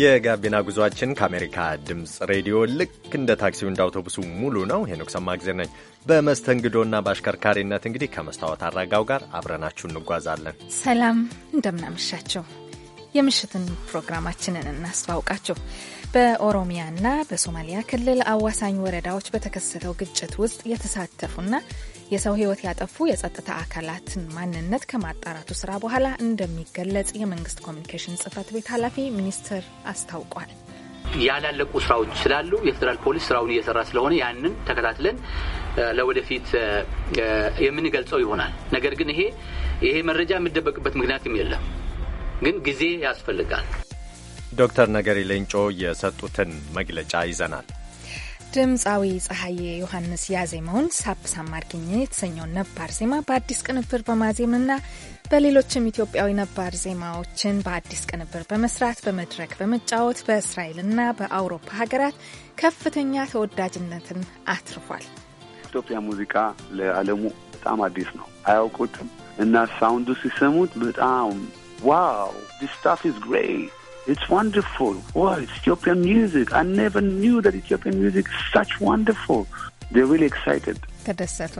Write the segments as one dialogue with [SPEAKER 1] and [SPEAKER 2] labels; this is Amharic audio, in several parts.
[SPEAKER 1] የጋቢና ጉዟችን ከአሜሪካ ድምፅ ሬዲዮ ልክ እንደ ታክሲው እንደ አውቶቡሱ ሙሉ ነው። ሄኖክ ሰማእግዜር ነኝ። በመስተንግዶና በአሽከርካሪነት እንግዲህ ከመስታወት አራጋው ጋር አብረናችሁ እንጓዛለን።
[SPEAKER 2] ሰላም እንደምናመሻቸው። የምሽትን ፕሮግራማችንን እናስተዋውቃችሁ። በኦሮሚያና በሶማሊያ ክልል አዋሳኝ ወረዳዎች በተከሰተው ግጭት ውስጥ የተሳተፉና የሰው ሕይወት ያጠፉ የጸጥታ አካላትን ማንነት ከማጣራቱ ስራ በኋላ እንደሚገለጽ የመንግስት ኮሚኒኬሽን ጽህፈት ቤት ኃላፊ ሚኒስትር አስታውቋል።
[SPEAKER 3] ያላለቁ ስራዎች ስላሉ የፌዴራል ፖሊስ ስራውን እየሰራ ስለሆነ ያንን ተከታትለን ለወደፊት የምንገልጸው ይሆናል። ነገር ግን ይሄ ይሄ መረጃ የምደበቅበት ምክንያትም የለም፣ ግን ጊዜ
[SPEAKER 1] ያስፈልጋል። ዶክተር ነገሪ ሌንጮ የሰጡትን መግለጫ ይዘናል።
[SPEAKER 2] ድምፃዊ ፀሐዬ ዮሐንስ ያዜመውን ሳፕ ሳማርኪኝ የተሰኘውን ነባር ዜማ በአዲስ ቅንብር በማዜምና በሌሎችም ኢትዮጵያዊ ነባር ዜማዎችን በአዲስ ቅንብር በመስራት በመድረክ በመጫወት በእስራኤልና በአውሮፓ ሀገራት ከፍተኛ ተወዳጅነትን አትርፏል።
[SPEAKER 4] ኢትዮጵያ ሙዚቃ ለዓለሙ በጣም አዲስ ነው፣ አያውቁትም እና ሳውንዱ ሲሰሙት በጣም ዋው ዲስ ስታፍ ኢዝ ግሬት It's wonderful. Wow, Ethiopian music. I never knew that Ethiopian music is
[SPEAKER 1] such wonderful. They're really excited. ተደሰቱ።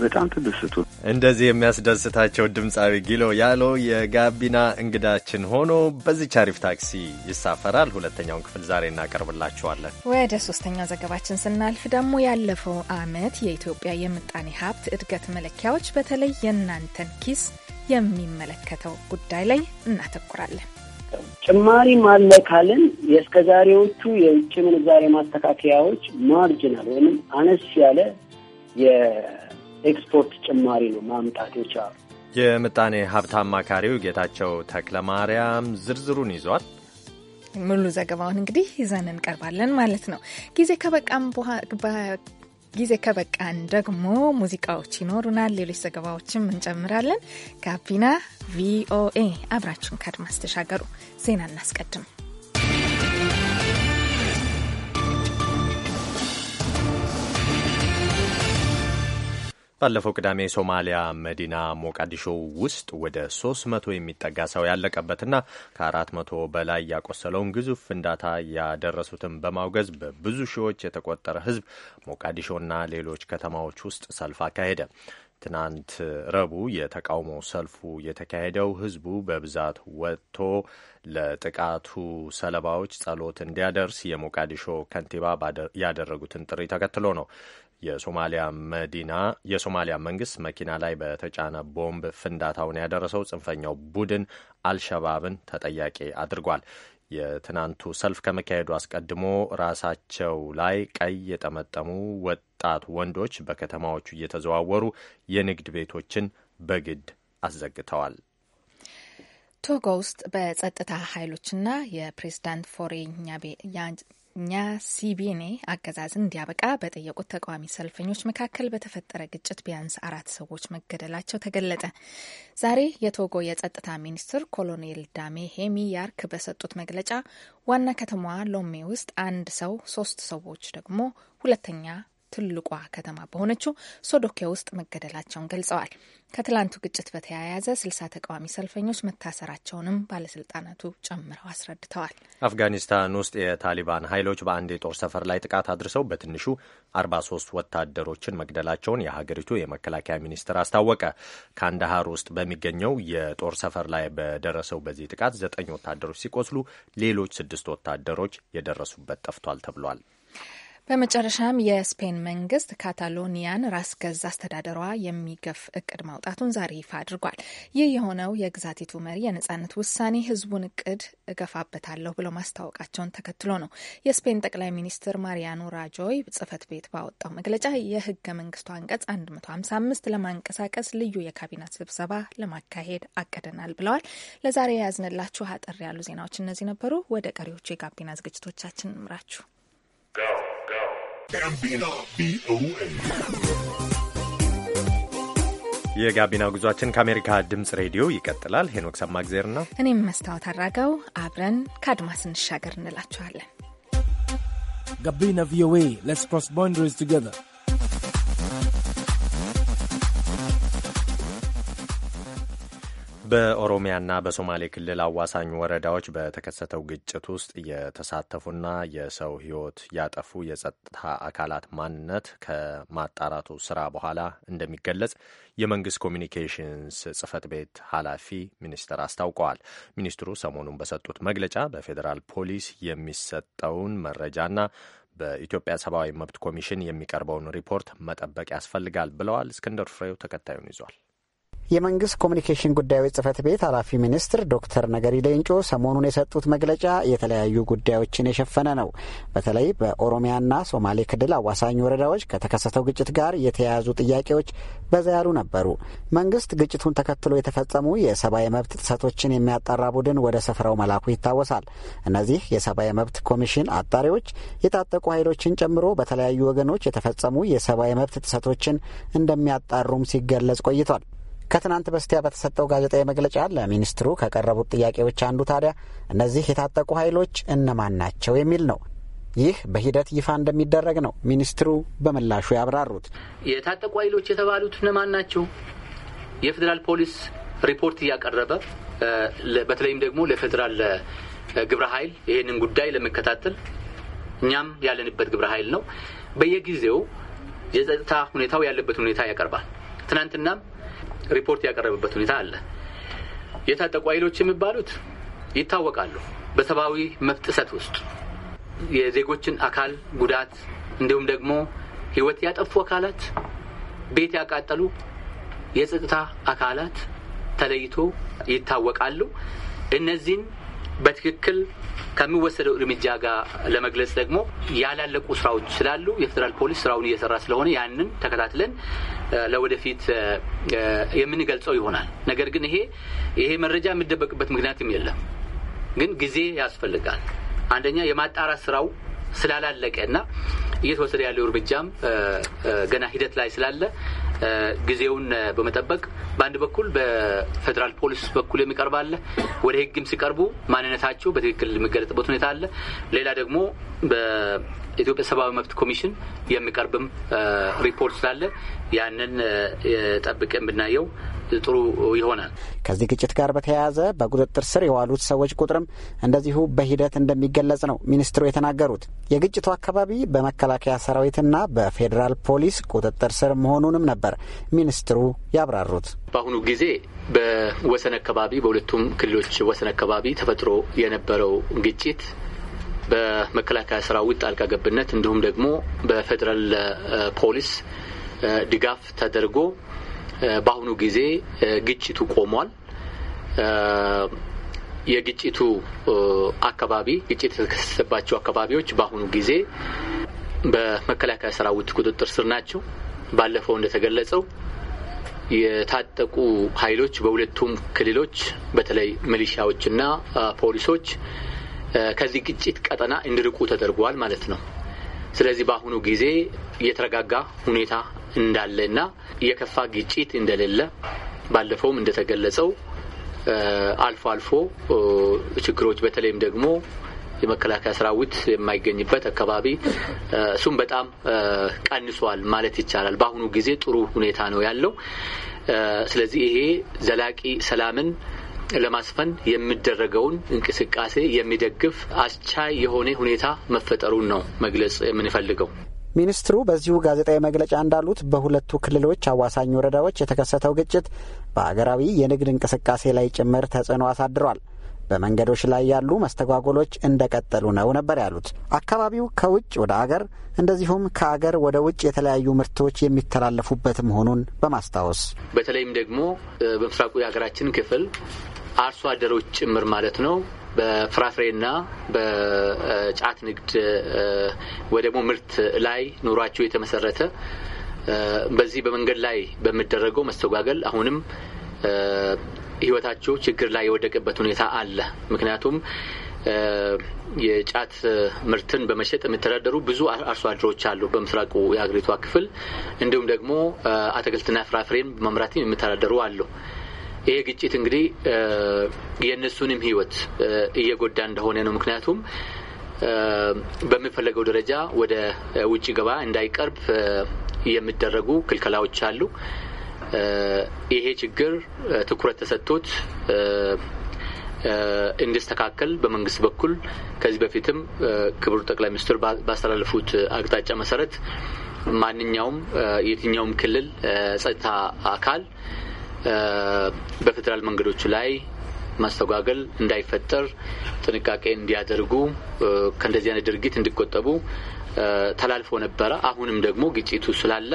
[SPEAKER 1] በጣም ተደሰቱ። እንደዚህ የሚያስደስታቸው ድምፃዊ ጊሎ ያሎ የጋቢና እንግዳችን ሆኖ በዚህ አሪፍ ታክሲ ይሳፈራል። ሁለተኛውን ክፍል ዛሬ እናቀርብላችኋለን።
[SPEAKER 2] ወደ ሶስተኛ ዘገባችን ስናልፍ ደግሞ ያለፈው አመት የኢትዮጵያ የምጣኔ ሀብት እድገት መለኪያዎች በተለይ የእናንተን ኪስ የሚመለከተው ጉዳይ ላይ እናተኩራለን።
[SPEAKER 5] ጭማሪም አለ ካልን የእስከ ዛሬዎቹ የውጭ ምንዛሬ ማስተካከያዎች ማርጅናል ወይም አነስ ያለ የኤክስፖርት ጭማሪ ነው ማምጣት የቻሉ።
[SPEAKER 1] የምጣኔ ሀብት አማካሪው ጌታቸው ተክለማርያም ዝርዝሩን ይዟል።
[SPEAKER 2] ሙሉ ዘገባውን እንግዲህ ይዘን እንቀርባለን ማለት ነው ጊዜ ከበቃም ጊዜ ከበቃን ደግሞ ሙዚቃዎች ይኖሩናል፣ ሌሎች ዘገባዎችም እንጨምራለን። ጋቢና ቪኦኤ አብራችሁን ከአድማስ ተሻገሩ። ዜና እናስቀድም።
[SPEAKER 1] ባለፈው ቅዳሜ ሶማሊያ መዲና ሞቃዲሾ ውስጥ ወደ 300 የሚጠጋ ሰው ያለቀበትና ከ400 በላይ ያቆሰለውን ግዙፍ ፍንዳታ ያደረሱትን በማውገዝ በብዙ ሺዎች የተቆጠረ ሕዝብ ሞቃዲሾና ሌሎች ከተማዎች ውስጥ ሰልፍ አካሄደ። ትናንት ረቡዕ የተቃውሞ ሰልፉ የተካሄደው ህዝቡ በብዛት ወጥቶ ለጥቃቱ ሰለባዎች ጸሎት እንዲያደርስ የሞቃዲሾ ከንቲባ ያደረጉትን ጥሪ ተከትሎ ነው። የሶማሊያ መዲና የሶማሊያ መንግስት መኪና ላይ በተጫነ ቦምብ ፍንዳታውን ያደረሰው ጽንፈኛው ቡድን አልሸባብን ተጠያቂ አድርጓል። የትናንቱ ሰልፍ ከመካሄዱ አስቀድሞ ራሳቸው ላይ ቀይ የጠመጠሙ ወጣት ወንዶች በከተማዎቹ እየተዘዋወሩ የንግድ ቤቶችን በግድ አስዘግተዋል።
[SPEAKER 2] ቶጎ ውስጥ በጸጥታ ኃይሎችና የፕሬዚዳንት ፎሬ ኛቤ እኛ ሲቢኔ አገዛዝን እንዲያበቃ በጠየቁት ተቃዋሚ ሰልፈኞች መካከል በተፈጠረ ግጭት ቢያንስ አራት ሰዎች መገደላቸው ተገለጠ። ዛሬ የቶጎ የጸጥታ ሚኒስትር ኮሎኔል ዳሜ ሄሚ ያርክ በሰጡት መግለጫ ዋና ከተማዋ ሎሜ ውስጥ አንድ ሰው፣ ሶስት ሰዎች ደግሞ ሁለተኛ ትልቋ ከተማ በሆነችው ሶዶኪያ ውስጥ መገደላቸውን ገልጸዋል። ከትላንቱ ግጭት በተያያዘ ስልሳ ተቃዋሚ ሰልፈኞች መታሰራቸውንም ባለስልጣናቱ ጨምረው አስረድተዋል።
[SPEAKER 1] አፍጋኒስታን ውስጥ የታሊባን ኃይሎች በአንድ የጦር ሰፈር ላይ ጥቃት አድርሰው በትንሹ 43 ወታደሮችን መግደላቸውን የሀገሪቱ የመከላከያ ሚኒስትር አስታወቀ። ካንዳሃር ውስጥ በሚገኘው የጦር ሰፈር ላይ በደረሰው በዚህ ጥቃት ዘጠኝ ወታደሮች ሲቆስሉ ሌሎች ስድስት ወታደሮች የደረሱበት ጠፍቷል ተብሏል።
[SPEAKER 2] በመጨረሻም የስፔን መንግስት ካታሎኒያን ራስ ገዝ አስተዳደሯ የሚገፍ እቅድ ማውጣቱን ዛሬ ይፋ አድርጓል። ይህ የሆነው የግዛቲቱ መሪ የነጻነት ውሳኔ ህዝቡን እቅድ እገፋበታለሁ ብሎ ማስታወቃቸውን ተከትሎ ነው። የስፔን ጠቅላይ ሚኒስትር ማሪያኖ ራጆይ ጽህፈት ቤት ባወጣው መግለጫ የህገ መንግስቱ አንቀጽ 155 ለማንቀሳቀስ ልዩ የካቢናት ስብሰባ ለማካሄድ አቅደናል ብለዋል። ለዛሬ የያዝንላችሁ አጠር ያሉ ዜናዎች እነዚህ ነበሩ። ወደ ቀሪዎቹ የጋቢና ዝግጅቶቻችን እንምራችሁ። ጋቢና
[SPEAKER 1] ቪኦኤ የጋቢና ጉዟችን ከአሜሪካ ድምፅ ሬዲዮ ይቀጥላል። ሄኖክ ሰማግዜርና
[SPEAKER 2] እኔም መስታወት አድራገው አብረን ከአድማስ እንሻገር እንላችኋለን።
[SPEAKER 1] ጋቢና ቪኦኤ ሌትስ ክሮስ ቦንደሪስ ቱጌዘር በኦሮሚያና በሶማሌ ክልል አዋሳኝ ወረዳዎች በተከሰተው ግጭት ውስጥ የተሳተፉና የሰው ሕይወት ያጠፉ የጸጥታ አካላት ማንነት ከማጣራቱ ስራ በኋላ እንደሚገለጽ የመንግስት ኮሚኒኬሽንስ ጽህፈት ቤት ኃላፊ ሚኒስትር አስታውቀዋል። ሚኒስትሩ ሰሞኑን በሰጡት መግለጫ በፌዴራል ፖሊስ የሚሰጠውን መረጃና በኢትዮጵያ ሰብአዊ መብት ኮሚሽን የሚቀርበውን ሪፖርት መጠበቅ ያስፈልጋል ብለዋል። እስክንድር ፍሬው ተከታዩን ይዟል።
[SPEAKER 6] የመንግስት ኮሚኒኬሽን ጉዳዮች ጽህፈት ቤት ኃላፊ ሚኒስትር ዶክተር ነገሪ ሌንጮ ሰሞኑን የሰጡት መግለጫ የተለያዩ ጉዳዮችን የሸፈነ ነው። በተለይ በኦሮሚያና ሶማሌ ክልል አዋሳኝ ወረዳዎች ከተከሰተው ግጭት ጋር የተያያዙ ጥያቄዎች በዛ ያሉ ነበሩ። መንግስት ግጭቱን ተከትሎ የተፈጸሙ የሰብአዊ መብት ጥሰቶችን የሚያጣራ ቡድን ወደ ስፍራው መላኩ ይታወሳል። እነዚህ የሰብአዊ መብት ኮሚሽን አጣሪዎች የታጠቁ ኃይሎችን ጨምሮ በተለያዩ ወገኖች የተፈጸሙ የሰብአዊ መብት ጥሰቶችን እንደሚያጣሩም ሲገለጽ ቆይቷል። ከትናንት በስቲያ በተሰጠው ጋዜጣዊ መግለጫ ለሚኒስትሩ ከቀረቡት ጥያቄዎች አንዱ ታዲያ እነዚህ የታጠቁ ኃይሎች እነማን ናቸው የሚል ነው። ይህ በሂደት ይፋ እንደሚደረግ ነው ሚኒስትሩ በምላሹ ያብራሩት።
[SPEAKER 3] የታጠቁ ኃይሎች የተባሉት እነማን ናቸው? የፌዴራል ፖሊስ ሪፖርት እያቀረበ በተለይም ደግሞ ለፌዴራል ግብረ ኃይል ይህንን ጉዳይ ለመከታተል እኛም ያለንበት ግብረ ኃይል ነው። በየጊዜው የጸጥታ ሁኔታው ያለበት ሁኔታ ያቀርባል። ትናንትናም ሪፖርት ያቀረበበት ሁኔታ አለ። የታጠቁ ኃይሎች የሚባሉት ይታወቃሉ። በሰብአዊ መብት ጥሰት ውስጥ የዜጎችን አካል ጉዳት እንዲሁም ደግሞ ሕይወት ያጠፉ አካላት፣ ቤት ያቃጠሉ የጸጥታ አካላት ተለይቶ ይታወቃሉ። እነዚህን በትክክል ከሚወሰደው እርምጃ ጋር ለመግለጽ ደግሞ ያላለቁ ስራዎች ስላሉ የፌዴራል ፖሊስ ስራውን እየሰራ ስለሆነ ያንን ተከታትለን ለወደፊት የምንገልጸው ይሆናል። ነገር ግን ይሄ ይሄ መረጃ የሚደበቅበት ምክንያትም የለም፣ ግን ጊዜ ያስፈልጋል። አንደኛ የማጣራት ስራው ስላላለቀ እና እየተወሰደ ያለው እርምጃም ገና ሂደት ላይ ስላለ ጊዜውን በመጠበቅ በአንድ በኩል በፌዴራል ፖሊስ በኩል የሚቀርብ አለ። ወደ ህግም ሲቀርቡ ማንነታቸው በትክክል የሚገለጥበት ሁኔታ አለ። ሌላ ደግሞ በኢትዮጵያ ሰብአዊ መብት ኮሚሽን የሚቀርብም ሪፖርት ስላለ ያንን ጠብቀን ብናየው ጥሩ ይሆናል።
[SPEAKER 6] ከዚህ ግጭት ጋር በተያያዘ በቁጥጥር ስር የዋሉት ሰዎች ቁጥርም እንደዚሁ በሂደት እንደሚገለጽ ነው ሚኒስትሩ የተናገሩት። የግጭቱ አካባቢ በመከላከያ ሰራዊትና በፌዴራል ፖሊስ ቁጥጥር ስር መሆኑንም ነበር ሚኒስትሩ ያብራሩት።
[SPEAKER 3] በአሁኑ ጊዜ በወሰን አካባቢ በሁለቱም ክልሎች ወሰን አካባቢ ተፈጥሮ የነበረው ግጭት በመከላከያ ሰራዊት ጣልቃ ገብነት እንዲሁም ደግሞ በፌዴራል ፖሊስ ድጋፍ ተደርጎ በአሁኑ ጊዜ ግጭቱ ቆሟል። የግጭቱ አካባቢ ግጭት የተከሰተባቸው አካባቢዎች በአሁኑ ጊዜ በመከላከያ ሰራዊት ቁጥጥር ስር ናቸው። ባለፈው እንደተገለጸው የታጠቁ ኃይሎች በሁለቱም ክልሎች በተለይ ሚሊሻዎችና ፖሊሶች ከዚህ ግጭት ቀጠና እንዲርቁ ተደርጓል ማለት ነው። ስለዚህ በአሁኑ ጊዜ የተረጋጋ ሁኔታ እንዳለ ና የከፋ ግጭት እንደሌለ ባለፈውም እንደተገለጸው አልፎ አልፎ ችግሮች በተለይም ደግሞ የመከላከያ ሰራዊት የማይገኝበት አካባቢ እሱም በጣም ቀንሷል ማለት ይቻላል። በአሁኑ ጊዜ ጥሩ ሁኔታ ነው ያለው። ስለዚህ ይሄ ዘላቂ ሰላምን ለማስፈን የሚደረገውን እንቅስቃሴ የሚደግፍ አስቻይ የሆነ ሁኔታ መፈጠሩን ነው መግለጽ የምንፈልገው።
[SPEAKER 6] ሚኒስትሩ በዚሁ ጋዜጣዊ መግለጫ እንዳሉት በሁለቱ ክልሎች አዋሳኝ ወረዳዎች የተከሰተው ግጭት በሀገራዊ የንግድ እንቅስቃሴ ላይ ጭምር ተጽዕኖ አሳድሯል። በመንገዶች ላይ ያሉ መስተጓጎሎች እንደቀጠሉ ነው ነበር ያሉት። አካባቢው ከውጭ ወደ አገር እንደዚሁም ከአገር ወደ ውጭ የተለያዩ ምርቶች የሚተላለፉበት መሆኑን በማስታወስ
[SPEAKER 3] በተለይም ደግሞ በምስራቁ የሀገራችን ክፍል አርሶ አደሮች ጭምር ማለት ነው በፍራፍሬና በጫት ንግድ ወይ ምርት ላይ ኑሯቸው የተመሰረተ በዚህ በመንገድ ላይ በሚደረገው መስተጓገል አሁንም ህይወታቸው ችግር ላይ የወደቀበት ሁኔታ አለ። ምክንያቱም የጫት ምርትን በመሸጥ የሚተዳደሩ ብዙ አርሶ አደሮች አሉ በምስራቁ የአገሪቷ ክፍል። እንዲሁም ደግሞ አትክልትና ፍራፍሬን በመምራትም የሚተዳደሩ አሉ። ይሄ ግጭት እንግዲህ የእነሱንም ህይወት እየጎዳ እንደሆነ ነው። ምክንያቱም በሚፈለገው ደረጃ ወደ ውጭ ገባ እንዳይቀርብ የሚደረጉ ክልከላዎች አሉ። ይሄ ችግር ትኩረት ተሰጥቶት እንዲስተካከል በመንግስት በኩል ከዚህ በፊትም ክቡር ጠቅላይ ሚኒስትር ባስተላለፉት አቅጣጫ መሰረት ማንኛውም የትኛውም ክልል ጸጥታ አካል በፌዴራል መንገዶች ላይ ማስተጓገል እንዳይፈጠር ጥንቃቄ እንዲያደርጉ ከእንደዚህ አይነት ድርጊት እንዲቆጠቡ ተላልፎ ነበረ። አሁንም ደግሞ ግጭቱ ስላለ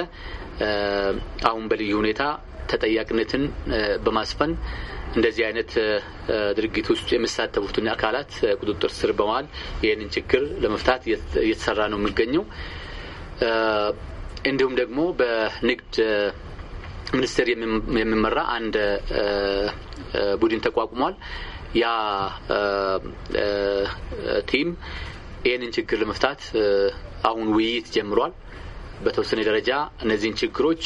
[SPEAKER 3] አሁን በልዩ ሁኔታ ተጠያቂነትን በማስፈን እንደዚህ አይነት ድርጊት ውስጥ የሚሳተፉትን አካላት ቁጥጥር ስር በመዋል ይህንን ችግር ለመፍታት እየተሰራ ነው የሚገኘው። እንዲሁም ደግሞ በንግድ ሚኒስቴር የሚመራ አንድ ቡድን ተቋቁሟል። ያ ቲም ይህንን ችግር ለመፍታት አሁን ውይይት ጀምሯል። በተወሰነ ደረጃ እነዚህን ችግሮች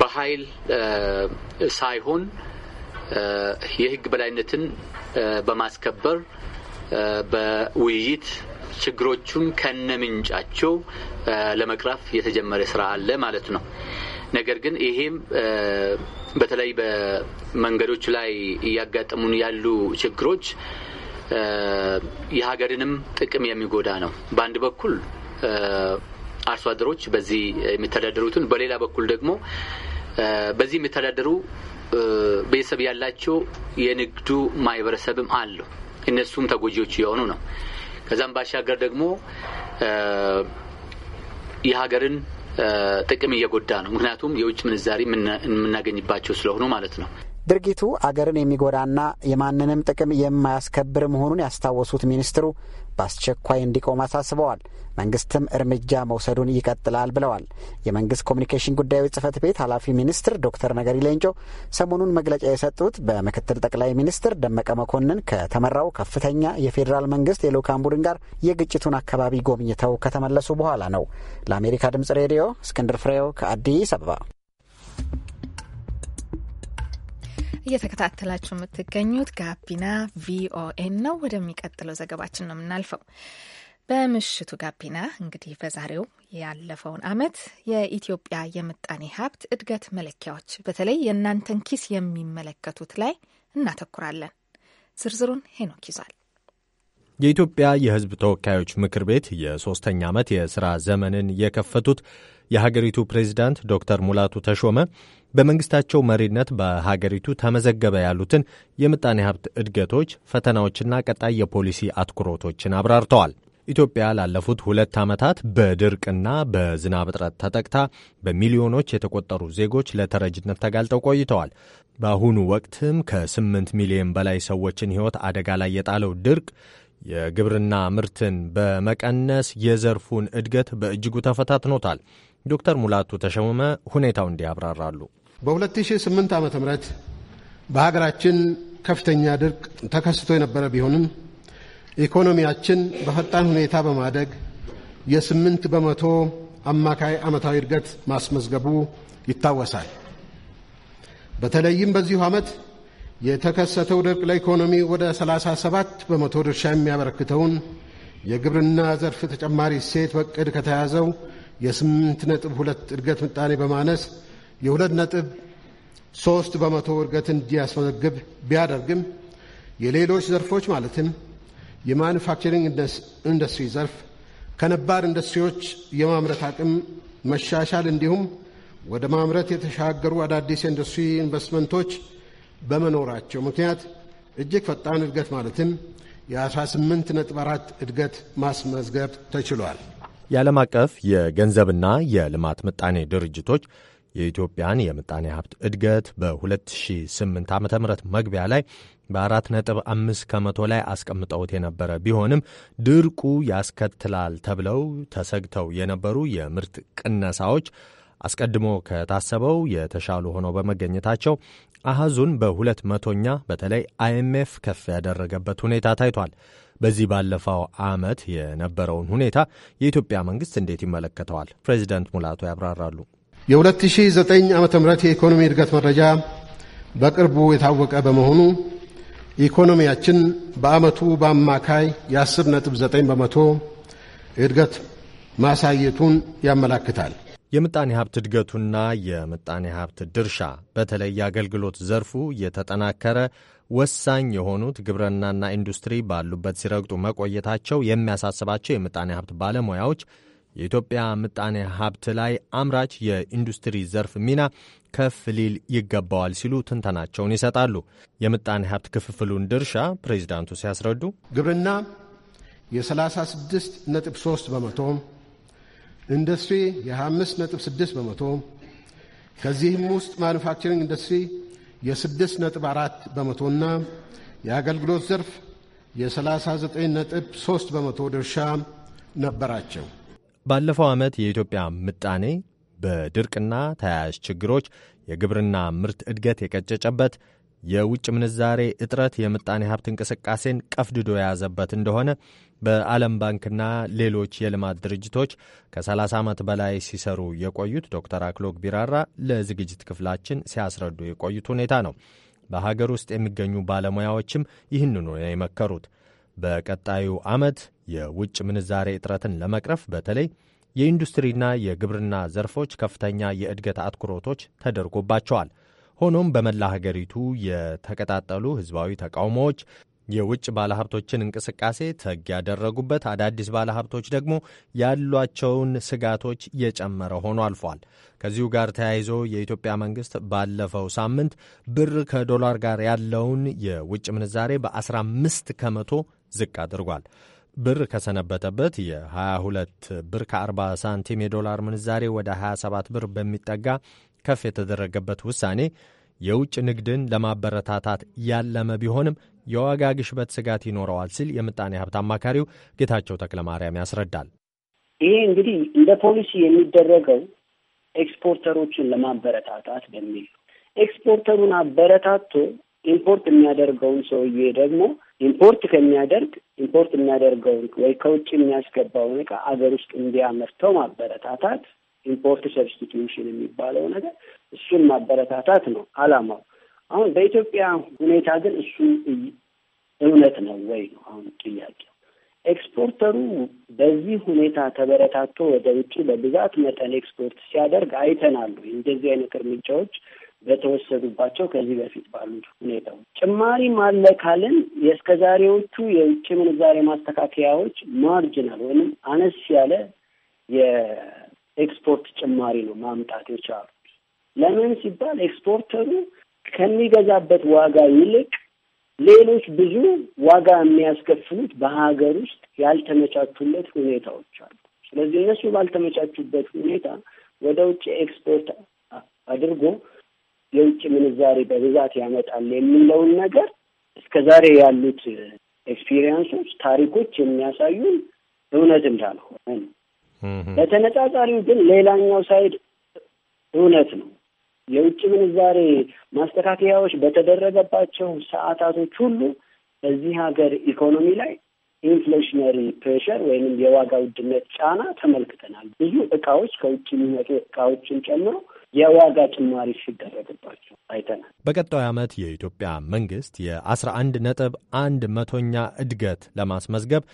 [SPEAKER 3] በኃይል ሳይሆን የሕግ በላይነትን በማስከበር በውይይት ችግሮቹን ከነምንጫቸው ለመቅረፍ የተጀመረ ስራ አለ ማለት ነው። ነገር ግን ይሄም በተለይ በመንገዶች ላይ እያጋጠሙን ያሉ ችግሮች የሀገርንም ጥቅም የሚጎዳ ነው። በአንድ በኩል አርሶ አደሮች በዚህ የሚተዳደሩትን፣ በሌላ በኩል ደግሞ በዚህ የሚተዳደሩ ቤተሰብ ያላቸው የንግዱ ማህበረሰብም አለው እነሱም ተጎጂዎች የሆኑ ነው። ከዛም ባሻገር ደግሞ የሀገርን ጥቅም እየጎዳ ነው። ምክንያቱም የውጭ ምንዛሪ የምናገኝባቸው ስለሆኑ ማለት ነው።
[SPEAKER 6] ድርጊቱ አገርን የሚጎዳና የማንንም ጥቅም የማያስከብር መሆኑን ያስታወሱት ሚኒስትሩ በአስቸኳይ እንዲቆም አሳስበዋል። መንግስትም እርምጃ መውሰዱን ይቀጥላል ብለዋል። የመንግስት ኮሚኒኬሽን ጉዳዮች ጽህፈት ቤት ኃላፊ ሚኒስትር ዶክተር ነገሪ ሌንጮ ሰሞኑን መግለጫ የሰጡት በምክትል ጠቅላይ ሚኒስትር ደመቀ መኮንን ከተመራው ከፍተኛ የፌዴራል መንግስት የልዑካን ቡድን ጋር የግጭቱን አካባቢ ጎብኝተው ከተመለሱ በኋላ ነው። ለአሜሪካ ድምጽ ሬዲዮ እስክንድር ፍሬው ከአዲስ አበባ
[SPEAKER 2] እየተከታተላችሁ የምትገኙት ጋቢና ቪኦኤን ነው። ወደሚቀጥለው ዘገባችን ነው የምናልፈው። በምሽቱ ጋቢና እንግዲህ በዛሬው ያለፈውን አመት የኢትዮጵያ የምጣኔ ሀብት እድገት መለኪያዎች በተለይ የእናንተን ኪስ የሚመለከቱት ላይ እናተኩራለን። ዝርዝሩን ሄኖክ ይዟል።
[SPEAKER 1] የኢትዮጵያ የሕዝብ ተወካዮች ምክር ቤት የሦስተኛ ዓመት የሥራ ዘመንን የከፈቱት የሀገሪቱ ፕሬዚዳንት ዶክተር ሙላቱ ተሾመ በመንግስታቸው መሪነት በሀገሪቱ ተመዘገበ ያሉትን የምጣኔ ሀብት እድገቶች፣ ፈተናዎችና ቀጣይ የፖሊሲ አትኩሮቶችን አብራርተዋል። ኢትዮጵያ ላለፉት ሁለት ዓመታት በድርቅና በዝናብ እጥረት ተጠቅታ በሚሊዮኖች የተቆጠሩ ዜጎች ለተረጅነት ተጋልጠው ቆይተዋል። በአሁኑ ወቅትም ከ ከ8 ሚሊዮን በላይ ሰዎችን ሕይወት አደጋ ላይ የጣለው ድርቅ የግብርና ምርትን በመቀነስ የዘርፉን እድገት በእጅጉ ተፈታትኖታል። ዶክተር ሙላቱ ተሾመ ሁኔታው እንዲያብራራሉ።
[SPEAKER 7] በ2008 ዓ ም በሀገራችን ከፍተኛ ድርቅ ተከስቶ የነበረ ቢሆንም ኢኮኖሚያችን በፈጣን ሁኔታ በማደግ የስምንት በመቶ አማካይ ዓመታዊ እድገት ማስመዝገቡ ይታወሳል። በተለይም በዚሁ ዓመት የተከሰተው ድርቅ ለኢኮኖሚ ወደ 37 በመቶ ድርሻ የሚያበረክተውን የግብርና ዘርፍ ተጨማሪ እሴት በቅድ ከተያዘው የ8 ነጥብ እድገት ምጣኔ በማነስ የሁለት ነጥብ ሶስት በመቶ እድገት እንዲያስመዘግብ ቢያደርግም የሌሎች ዘርፎች ማለትም የማኑፋክቸሪንግ ኢንዱስትሪ ዘርፍ ከነባር ኢንዱስትሪዎች የማምረት አቅም መሻሻል እንዲሁም ወደ ማምረት የተሻገሩ አዳዲስ የኢንዱስትሪ ኢንቨስትመንቶች በመኖራቸው ምክንያት እጅግ ፈጣን እድገት ማለትም የ18 ነጥብ 4 እድገት ማስመዝገብ ተችሏል።
[SPEAKER 1] የዓለም አቀፍ የገንዘብና የልማት ምጣኔ ድርጅቶች የኢትዮጵያን የምጣኔ ሀብት እድገት በ2008 ዓ ም መግቢያ ላይ በ4.5 ከመቶ ላይ አስቀምጠውት የነበረ ቢሆንም ድርቁ ያስከትላል ተብለው ተሰግተው የነበሩ የምርት ቅነሳዎች አስቀድሞ ከታሰበው የተሻሉ ሆነው በመገኘታቸው አሐዙን በሁለት መቶኛ በተለይ አይኤምኤፍ ከፍ ያደረገበት ሁኔታ ታይቷል። በዚህ ባለፈው ዓመት የነበረውን ሁኔታ የኢትዮጵያ መንግሥት እንዴት ይመለከተዋል? ፕሬዚደንት ሙላቱ ያብራራሉ።
[SPEAKER 7] የ2009 ዓ.ም የኢኮኖሚ እድገት መረጃ በቅርቡ የታወቀ በመሆኑ ኢኮኖሚያችን በዓመቱ በአማካይ የ10.9 በመቶ እድገት
[SPEAKER 1] ማሳየቱን ያመላክታል። የምጣኔ ሀብት እድገቱና የምጣኔ ሀብት ድርሻ በተለይ የአገልግሎት ዘርፉ የተጠናከረ ወሳኝ የሆኑት ግብርናና ኢንዱስትሪ ባሉበት ሲረግጡ መቆየታቸው የሚያሳስባቸው የምጣኔ ሀብት ባለሙያዎች የኢትዮጵያ ምጣኔ ሀብት ላይ አምራች የኢንዱስትሪ ዘርፍ ሚና ከፍ ሊል ይገባዋል ሲሉ ትንተናቸውን ይሰጣሉ። የምጣኔ ሀብት ክፍፍሉን ድርሻ ፕሬዚዳንቱ ሲያስረዱ ግብርና
[SPEAKER 7] የ36.3 በመቶ፣ ኢንዱስትሪ የ5.6 በመቶ፣ ከዚህም ውስጥ ማኑፋክቸሪንግ ኢንዱስትሪ የ6.4 በመቶና የአገልግሎት ዘርፍ የ39.3 በመቶ ድርሻ ነበራቸው።
[SPEAKER 1] ባለፈው ዓመት የኢትዮጵያ ምጣኔ በድርቅና ተያያዥ ችግሮች የግብርና ምርት እድገት የቀጨጨበት የውጭ ምንዛሬ እጥረት የምጣኔ ሀብት እንቅስቃሴን ቀፍድዶ የያዘበት እንደሆነ በዓለም ባንክና ሌሎች የልማት ድርጅቶች ከ30 ዓመት በላይ ሲሰሩ የቆዩት ዶክተር አክሎግ ቢራራ ለዝግጅት ክፍላችን ሲያስረዱ የቆዩት ሁኔታ ነው። በሀገር ውስጥ የሚገኙ ባለሙያዎችም ይህንኑ ነው የመከሩት። በቀጣዩ ዓመት የውጭ ምንዛሬ እጥረትን ለመቅረፍ በተለይ የኢንዱስትሪና የግብርና ዘርፎች ከፍተኛ የእድገት አትኩሮቶች ተደርጎባቸዋል። ሆኖም በመላ ሀገሪቱ የተቀጣጠሉ ህዝባዊ ተቃውሞዎች የውጭ ባለሀብቶችን እንቅስቃሴ ተግ ያደረጉበት፣ አዳዲስ ባለሀብቶች ደግሞ ያሏቸውን ስጋቶች የጨመረ ሆኖ አልፏል። ከዚሁ ጋር ተያይዞ የኢትዮጵያ መንግስት ባለፈው ሳምንት ብር ከዶላር ጋር ያለውን የውጭ ምንዛሬ በ15 ከመቶ ዝቅ አድርጓል። ብር ከሰነበተበት የ22 ብር ከ40 ሳንቲም የዶላር ምንዛሬ ወደ 27 ብር በሚጠጋ ከፍ የተደረገበት ውሳኔ የውጭ ንግድን ለማበረታታት ያለመ ቢሆንም የዋጋ ግሽበት ስጋት ይኖረዋል ሲል የምጣኔ ሀብት አማካሪው ጌታቸው ተክለማርያም ያስረዳል።
[SPEAKER 5] ይሄ እንግዲህ እንደ ፖሊሲ የሚደረገው ኤክስፖርተሮችን ለማበረታታት በሚል ኤክስፖርተሩን አበረታቶ ኢምፖርት የሚያደርገውን ሰውዬ ደግሞ ኢምፖርት ከሚያደርግ ኢምፖርት የሚያደርገውን ወይ ከውጭ የሚያስገባውን እቃ አገር ውስጥ እንዲያመርተው ማበረታታት ኢምፖርት ሰብስቲቱሽን የሚባለው ነገር እሱን ማበረታታት ነው አላማው። አሁን በኢትዮጵያ ሁኔታ ግን እሱ እውነት ነው ወይ ነው አሁን ጥያቄው። ኤክስፖርተሩ በዚህ ሁኔታ ተበረታቶ ወደ ውጭ በብዛት መጠን ኤክስፖርት ሲያደርግ አይተናሉ። እንደዚህ አይነት እርምጃዎች በተወሰዱባቸው ከዚህ በፊት ባሉት ሁኔታዎች ጭማሪም አለ ካልን የእስከዛሬዎቹ የውጭ ምንዛሬ ማስተካከያዎች ማርጅናል ወይም አነስ ያለ የኤክስፖርት ጭማሪ ነው ማምጣት የቻሉት። ለምን ሲባል ኤክስፖርተሩ ከሚገዛበት ዋጋ ይልቅ ሌሎች ብዙ ዋጋ የሚያስከፍሉት በሀገር ውስጥ ያልተመቻቹለት ሁኔታዎች አሉ። ስለዚህ እነሱ ባልተመቻቹበት ሁኔታ ወደ ውጭ ኤክስፖርት አድርጎ የውጭ ምንዛሬ በብዛት ያመጣል የሚለውን ነገር እስከ ዛሬ ያሉት ኤክስፒሪየንሶች፣ ታሪኮች የሚያሳዩን እውነት እንዳልሆነ ነው። በተነጻጻሪው ግን ሌላኛው ሳይድ እውነት ነው። የውጭ ምንዛሬ ማስተካከያዎች በተደረገባቸው ሰዓታቶች ሁሉ በዚህ ሀገር ኢኮኖሚ ላይ ኢንፍሌሽነሪ ፕሬሸር ወይንም የዋጋ ውድነት ጫና ተመልክተናል። ብዙ እቃዎች ከውጭ የሚመጡ እቃዎችን ጨምሮ የዋጋ ጭማሪ ሲደረግባቸው አይተናል።
[SPEAKER 1] በቀጣዩ ዓመት የኢትዮጵያ መንግስት የአስራ አንድ ነጥብ አንድ መቶኛ እድገት ለማስመዝገብ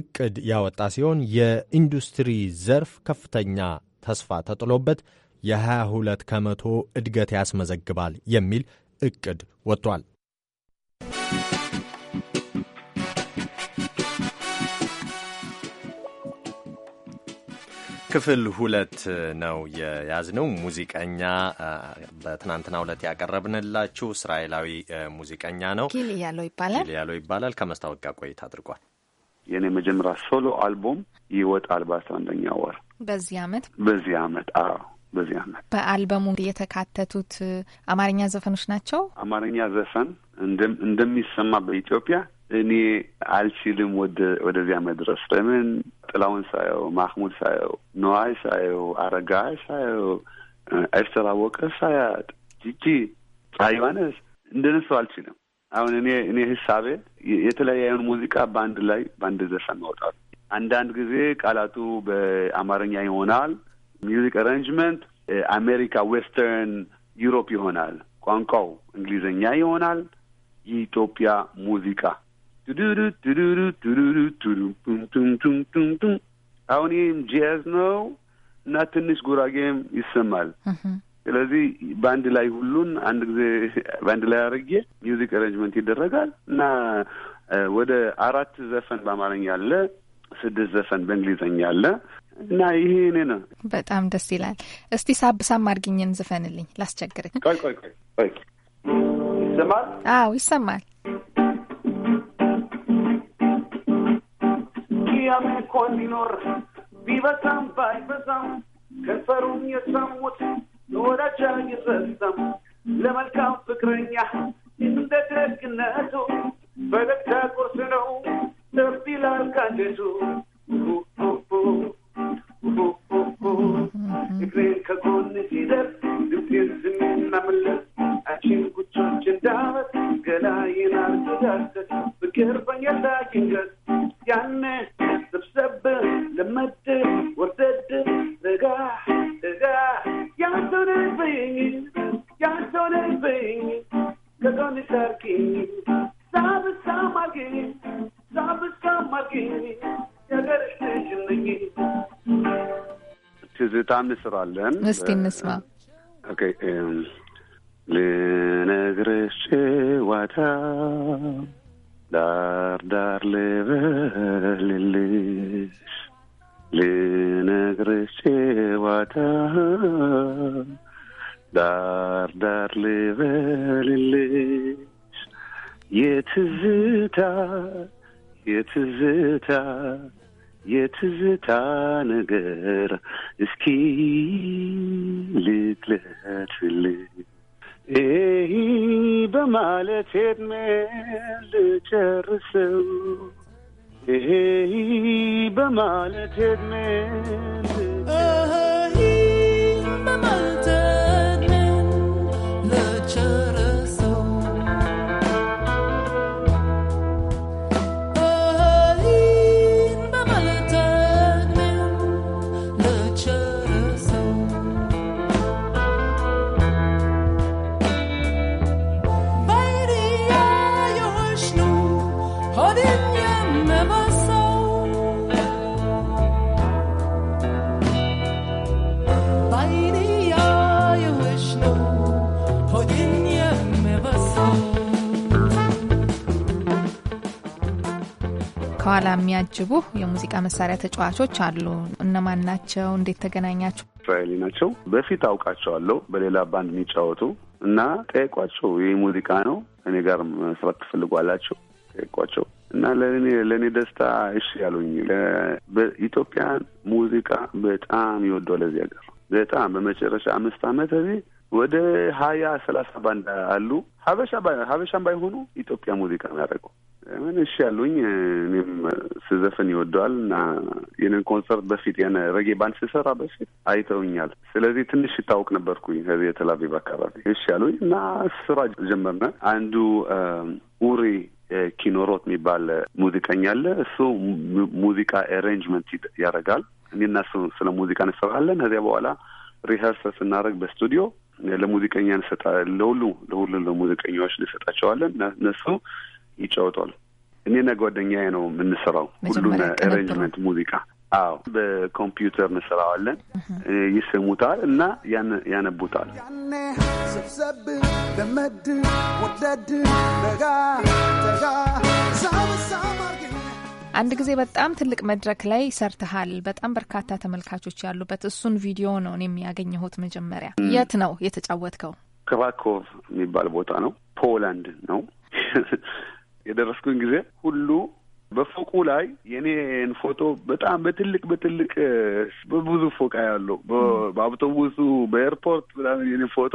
[SPEAKER 1] እቅድ ያወጣ ሲሆን የኢንዱስትሪ ዘርፍ ከፍተኛ ተስፋ ተጥሎበት የ22 ከመቶ እድገት ያስመዘግባል የሚል እቅድ ወጥቷል። ክፍል ሁለት ነው የያዝነው። ሙዚቀኛ በትናንትና ሁለት ያቀረብንላችሁ እስራኤላዊ ሙዚቀኛ ነው። ጊል ያለው ይባላል። ጊል ያለው ይባላል። ከመስታወቅ ጋር ቆይታ አድርጓል።
[SPEAKER 4] የእኔ መጀመሪያ ሶሎ አልቦም ይወጣል በአስራ አንደኛ ወር በዚህ አመት በዚህ አመት አዎ በዚህ አመት
[SPEAKER 2] በአልበሙ የተካተቱት አማርኛ ዘፈኖች ናቸው።
[SPEAKER 4] አማርኛ ዘፈን እንደሚሰማ በኢትዮጵያ እኔ አልችልም ወደዚያ መድረስ። ለምን ጥላውን ሳየው፣ ማህሙድ ሳየው፣ ነዋይ ሳየው፣ አረጋይ ሳየው፣ ኤርትራ አወቀ ሳያት፣ ጂጂ ዮሐንስ እንደነሱ አልችልም። አሁን እኔ እኔ ህሳቤ የተለያዩን ሙዚቃ በአንድ ላይ በአንድ ዘፈን ማውጣት። አንዳንድ ጊዜ ቃላቱ በአማርኛ ይሆናል። ሚውዚክ አሬንጅመንት አሜሪካ፣ ዌስተርን ዩሮፕ ይሆናል። ቋንቋው እንግሊዝኛ ይሆናል። የኢትዮጵያ ሙዚቃ ዱዱዱ ዱዱዱ አሁን ይህም ጃዝ ነው እና ትንሽ ጉራጌም ይሰማል። ስለዚህ በአንድ ላይ ሁሉን አንድ ጊዜ በአንድ ላይ አድርጌ ሚውዚክ አሬንጅመንት ይደረጋል እና ወደ አራት ዘፈን በአማርኛ አለ፣ ስድስት ዘፈን በእንግሊዝኛ አለ እና ይሄ እኔ ነው።
[SPEAKER 2] በጣም ደስ ይላል። እስቲ ሳብ ሳም አድርጊኝን ዝፈንልኝ ላስቸግርኝ። ቆይ
[SPEAKER 4] ቆይ ቆይ
[SPEAKER 2] ይሰማል? አዎ ይሰማል።
[SPEAKER 4] እንኳን ቢኖር ቢበዛም ባይበዛም ከንፈሩን የሳሙት ለወዳጃ
[SPEAKER 5] ለመልካም ፍቅረኛ እንደ ደግነቱ ፈገግታ ቁርስ ነው ደስ ይላል ካንጀቱ
[SPEAKER 4] እግሬን ከጎን ሲደር ድምጤን ዝምና መለስ አንቺን ጉቾች እንዳመት ገላዬን አርግዳሰት ፍቅር በኛላ ይንገስ በጣም እንስራለን። እስቲ እንስማ። ኦኬ ልነግርሽ ዋታ ዳር ዳር ልበልልሽ ልነግርሽ ዋታ ዳር ዳር ልበልልሽ የትዝታ የትዝታ የትዝታ ነገር እስኪ ልጥለትልህ ይህ በማለት ዕድሜ ልጨርሰው ይህ በማለት ዕድሜ በማለት ዕድሜ
[SPEAKER 2] ልጨርሰው ከኋላ የሚያጅቡ የሙዚቃ መሳሪያ ተጫዋቾች አሉ። እነማን ናቸው? እንዴት ተገናኛቸው?
[SPEAKER 4] እስራኤሊ ናቸው። በፊት አውቃቸዋለሁ በሌላ ባንድ የሚጫወቱ እና ጠየቋቸው፣ ይህ ሙዚቃ ነው እኔ ጋር መስራት ትፈልጓላቸው? ጠየቋቸው እና ለእኔ ለእኔ ደስታ እሺ ያሉኝ። በኢትዮጵያን ሙዚቃ በጣም ይወደው ለዚህ ሀገር በጣም በመጨረሻ አምስት አመት እዚህ ወደ ሀያ ሰላሳ ባንድ አሉ ሀበሻ ሀበሻም ባይሆኑ ኢትዮጵያ ሙዚቃ ነው ያደረገው ምን እሺ ያሉኝ እኔም ስዘፍን ይወደዋል እና ይህንን ኮንሰርት በፊት የነ ረጌ ባንድ ስሰራ በፊት አይተውኛል። ስለዚህ ትንሽ ይታወቅ ነበርኩኝ ከዚህ የተላቪቭ አካባቢ። እሺ ያሉኝ እና ስራ ጀመርነ። አንዱ ኡሪ ኪኖሮት የሚባል ሙዚቀኛ አለ። እሱ ሙዚቃ አሬንጅመንት ያደርጋል። እኔና እሱ ስለ ሙዚቃ እንሰራለን። ከዚያ በኋላ ሪሀርሰ ስናደርግ በስቱዲዮ ለሙዚቀኛ እንሰጣ ለሁሉ ለሁሉ ለሙዚቀኛዎች እንሰጣቸዋለን እነሱ ይጫወቷል። ነ ጓደኛዬ ነው የምንሰራው ሁሉ አሬንጅመንት ሙዚቃ። አዎ በኮምፒውተር እንሰራዋለን። ይስሙታል እና ያነቡታል። ሰብሰብ
[SPEAKER 6] ለመድ ወደድ
[SPEAKER 2] አንድ ጊዜ በጣም ትልቅ መድረክ ላይ ሰርተሃል። በጣም በርካታ ተመልካቾች ያሉበት እሱን ቪዲዮ ነው እኔ የሚያገኘሁት። መጀመሪያ የት ነው የተጫወትከው?
[SPEAKER 3] ክራኮቭ
[SPEAKER 4] የሚባል ቦታ ነው፣ ፖላንድ ነው። የደረስኩኝ ጊዜ ሁሉ በፎቁ ላይ የኔን ፎቶ በጣም በትልቅ በትልቅ በብዙ ፎቃ ያለው በአውቶቡሱ በኤርፖርት በጣም የኔ ፎቶ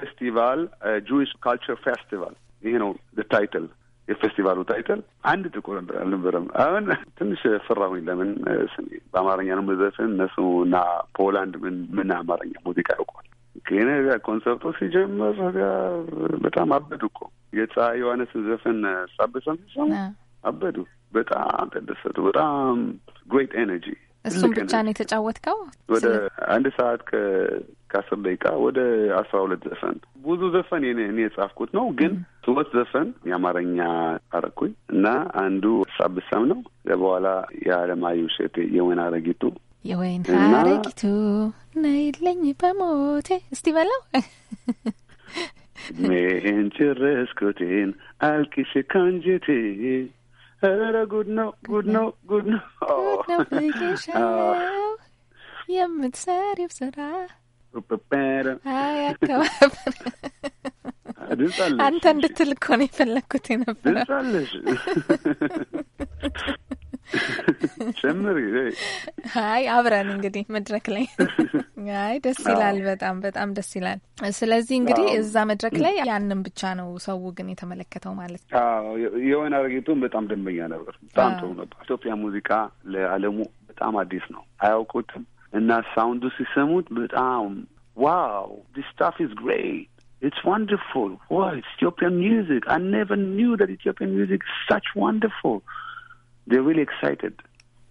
[SPEAKER 4] ፌስቲቫል ጁዊሽ ካልቸር ፌስቲቫል ይሄ ነው ታይትል የፌስቲቫሉ ታይትል። አንድ ጥቁር አልነበረም። አሁን ትንሽ ፍራሁኝ። ለምን በአማርኛ ነው መዘፍን እነሱ እና ፖላንድ ምን ምን አማርኛ ሙዚቃ ያውቋል። ግን ኮንሰርቶ ሲጀምር በጣም አበድ እኮ የፀሐይ ዮሐንስን ዘፈን ሳበሰም ሲሰሙ አበዱ። በጣም ተደሰቱ። በጣም ግሬት ኤነርጂ።
[SPEAKER 2] እሱም ብቻ ነው የተጫወትከው?
[SPEAKER 4] ወደ አንድ ሰዓት ከአስር ደቂቃ ወደ አስራ ሁለት ዘፈን ብዙ ዘፈን እኔ የጻፍኩት ነው፣ ግን ሶስት ዘፈን የአማርኛ አረኩኝ እና አንዱ ሳብሰም ነው። ለበኋላ የአለማየሁ እሸቴ የወይን አረጊቱ
[SPEAKER 2] የወይን አረጊቱ ነይለኝ በሞቴ እስቲ በለው
[SPEAKER 4] ሜሄን ጭረስኮቴን አልቅሽ ካንጀቴ ኧረ ጉድ ነው ጉድ ነው ጉድ ነው
[SPEAKER 2] የምትሰሪው ስራ አንተ እንድትል ነው የፈለግኩት የነበረው። ጨምር። አይ አብረን እንግዲህ መድረክ ላይ አይ ደስ ይላል። በጣም በጣም ደስ ይላል። ስለዚህ እንግዲህ እዛ መድረክ ላይ ያንን ብቻ ነው ሰው ግን የተመለከተው ማለት
[SPEAKER 4] ነው። የወይን አረጌቱን በጣም ደንበኛ ነበር። በጣም ጥሩ ነበር። ኢትዮጵያ ሙዚቃ ለዓለሙ በጣም አዲስ ነው፣ አያውቁትም እና ሳውንዱ ሲሰሙት በጣም ዋው ዲስ ስታፍ ኢዝ ግሬት It's wonderful. Wow, it's Ethiopian music. I never knew that Ethiopian music is such wonderful. ሪሊ ኤክሳይትድ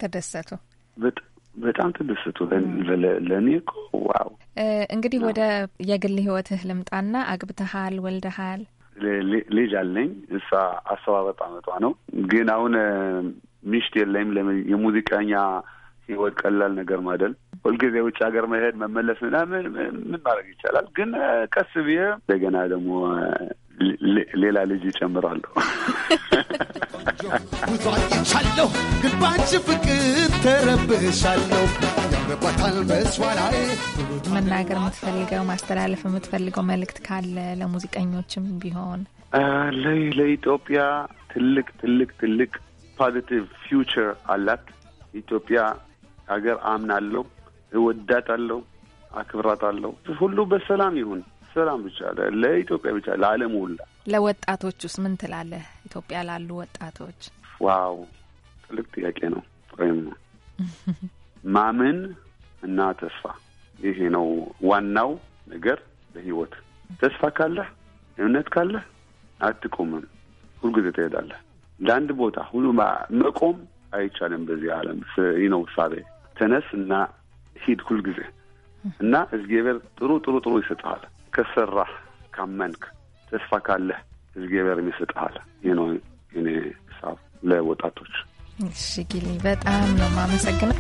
[SPEAKER 4] ተደሰቱ። በጣም ተደሰቱ። ለእኔ እኮ ዋው።
[SPEAKER 2] እንግዲህ ወደ የግል ህይወትህ ልምጣና አግብተሃል፣ ወልደሃል።
[SPEAKER 4] ልጅ አለኝ። እሷ አሰባበጥ አመቷ ነው። ግን አሁን ሚሽት የለኝም። የሙዚቀኛ ህይወት ቀላል ነገር ማደል ሁልጊዜ ውጭ ሀገር መሄድ መመለስ ምናምን ምን ማድረግ ይቻላል። ግን ቀስ ብዬ እንደገና ደግሞ ሌላ ልጅ ይጨምራሉ።
[SPEAKER 7] ግን ባንቺ ፍቅር ተረብሻለሁ።
[SPEAKER 2] መናገር የምትፈልገው ማስተላለፍ የምትፈልገው መልእክት ካለ ለሙዚቀኞችም ቢሆን
[SPEAKER 4] ለኢትዮጵያ ትልቅ ትልቅ ትልቅ ፖዚቲቭ ፊውቸር አላት። ኢትዮጵያ ሀገር አምናለሁ፣ እወዳታለሁ፣ አክብራታለሁ። ሁሉ በሰላም ይሁን። ሰላም ብቻ ለኢትዮጵያ ብቻ ለዓለም ሁላ።
[SPEAKER 2] ለወጣቶች ውስጥ ምን ትላለህ? ኢትዮጵያ ላሉ ወጣቶች?
[SPEAKER 4] ዋው ትልቅ ጥያቄ ነው። ወይም ማመን እና ተስፋ፣ ይሄ ነው ዋናው ነገር በህይወት። ተስፋ ካለህ፣ እምነት ካለህ አትቆምም። ሁልጊዜ ትሄዳለህ ለአንድ ቦታ። ሁሉ መቆም አይቻልም በዚህ ዓለም ነው ሳቤ። ተነስ እና ሂድ ሁልጊዜ እና እግዚአብሔር ጥሩ ጥሩ ጥሩ ይሰጠሃል። ከሰራህ፣ ካመንክ፣ ተስፋ ካለህ እግዚአብሔር ይሰጥሃል። ይህ ነው እኔ ሀሳብ
[SPEAKER 2] ለወጣቶች። እሺ ጊሊ፣ በጣም ነው የማመሰግነው።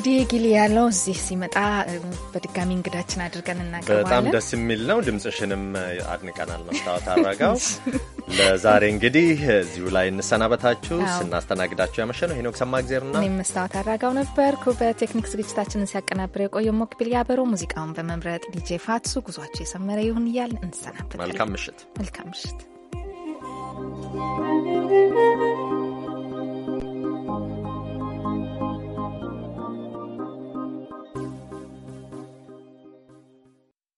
[SPEAKER 2] እንግዲህ ጊሊ ያለው እዚህ ሲመጣ በድጋሚ እንግዳችን አድርገን እናገባለን። በጣም ደስ
[SPEAKER 1] የሚል ነው። ድምፅሽንም አድንቀናል መስታወት አረጋው። ለዛሬ እንግዲህ እዚሁ ላይ እንሰናበታችሁ። ስናስተናግዳችሁ ያመሸ ነው ሄኖክ ሰማ ጊዜርና እኔም
[SPEAKER 2] መስታወት አረጋው ነበርኩ። በቴክኒክ ዝግጅታችንን ሲያቀናብር የቆየ ሞክቢል ያበሮ፣ ሙዚቃውን በመምረጥ ዲጄ ፋትሱ። ጉዟቸው የሰመረ ይሁን እያል እንሰናበታለን። መልካም ምሽት። መልካም ምሽት።